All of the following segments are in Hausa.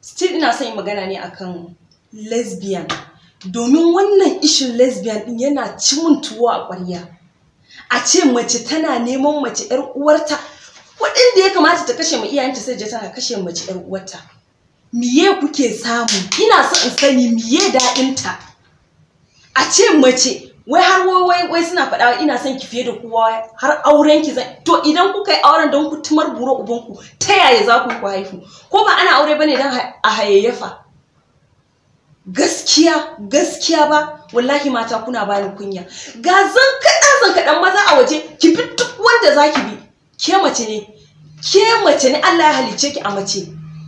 still ina son yi magana ne akan lesbian domin wannan ishin lesbian din yana cimin tuwo a ƙwarya a ce mace tana neman mace yar uwarta waɗanda ya kamata ta kashe ma iyayenta sai tana kashe mace yar uwarta miye kuke samu ina son in sani miye daɗinta a ce mace wai har wai wai suna faɗa ina son ki fiye da kowa har aurenki. ki zan to idan kuka yi auren don ku tumar buro ubanku ta yaya za ku haifu ko ba ana aure bane don a hayayyafa gaskiya gaskiya ba wallahi mata kuna bani kunya ga zan kaɗa zan kaɗan maza a waje ki bi duk wanda za ki bi ke mace ne ke mace ne Allah ya halicce ki a mace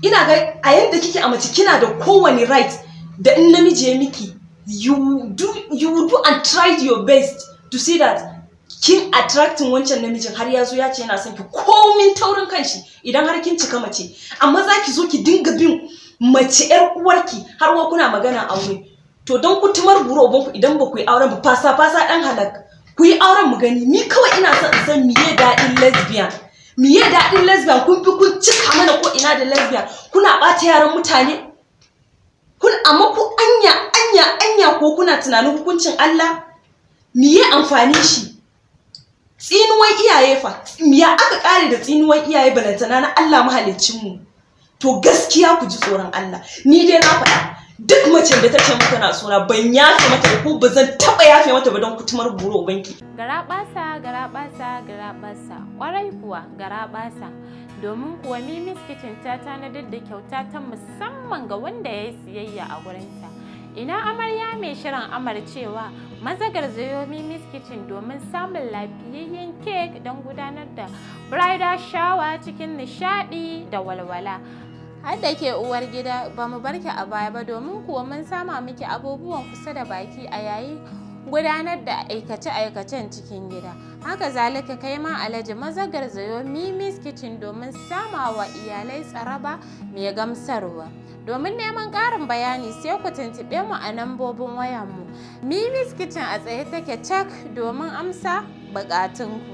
ina ga a yanda kike a mace kina da kowane right da in namiji ya miki you do you do and try your best to see that kin attracting wancan namijin har ya zo ya ce yana son ki komin taurin kanshi idan har kin cika mace amma za ki zo ki dinga bin mace yar uwarki har wa kuna magana aure to don ku tumar buru ku idan ba ku yi auren ba fasa fasa dan halak ku yi auren mu gani ni kawai ina son in san miye daɗin lesbian miye daɗin lesbian kun fi kun cika mana ko ina da lesbian kuna bata yaran mutane kun amma ku anya anya ko kuna tunanin hukuncin Allah ya amfani shi tsinuwan iyaye fa ya aka kare da tsinuwan iyaye balantana na Allah mahalicin mu to gaskiya ku ji tsoron Allah ni dai na faɗa duk mace da ta ce mata na tsora ban yafe mata ko ba zan taba yafe mata ba don kutumar buro banki gara basa gara basa kwarai kuwa gara domin kuwa mimis kitchen ta tanadar da kyauta ta musamman ga wanda ya yi siyayya a gurinta ina amarya mai shirin amarcewa mazagar zayo miss kitchen domin samun lafiyayyen kek don gudanar da bridal shower cikin nishadi da walwala hadda ke uwar gida ba mu barki a baya ba domin kuwa mun sama miki abubuwan kusa da baki a yayin gudanar da aikace-aikacen cikin gida haka zalika kai ma alhaji maza garzayo mimis kitchen domin samawa wa iyalai tsaraba mai gamsarwa domin neman ƙarin bayani sai ku tuntuɓe mu a nambobin wayanmu mimis kitchen a tsaye take cak domin amsa buƙatunku